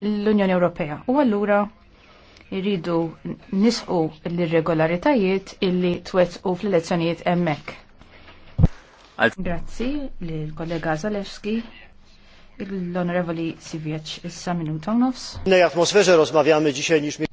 l-Unjoni Ewropea. U allura jridu nisqu l-irregolaritajiet illi twettqu fl-elezzjonijiet emmek. Grazzi l-kollega Zalewski l-Onorevoli Siwiecz issa minuta nofs. W atmosferze rozmawiamy dzisiaj niż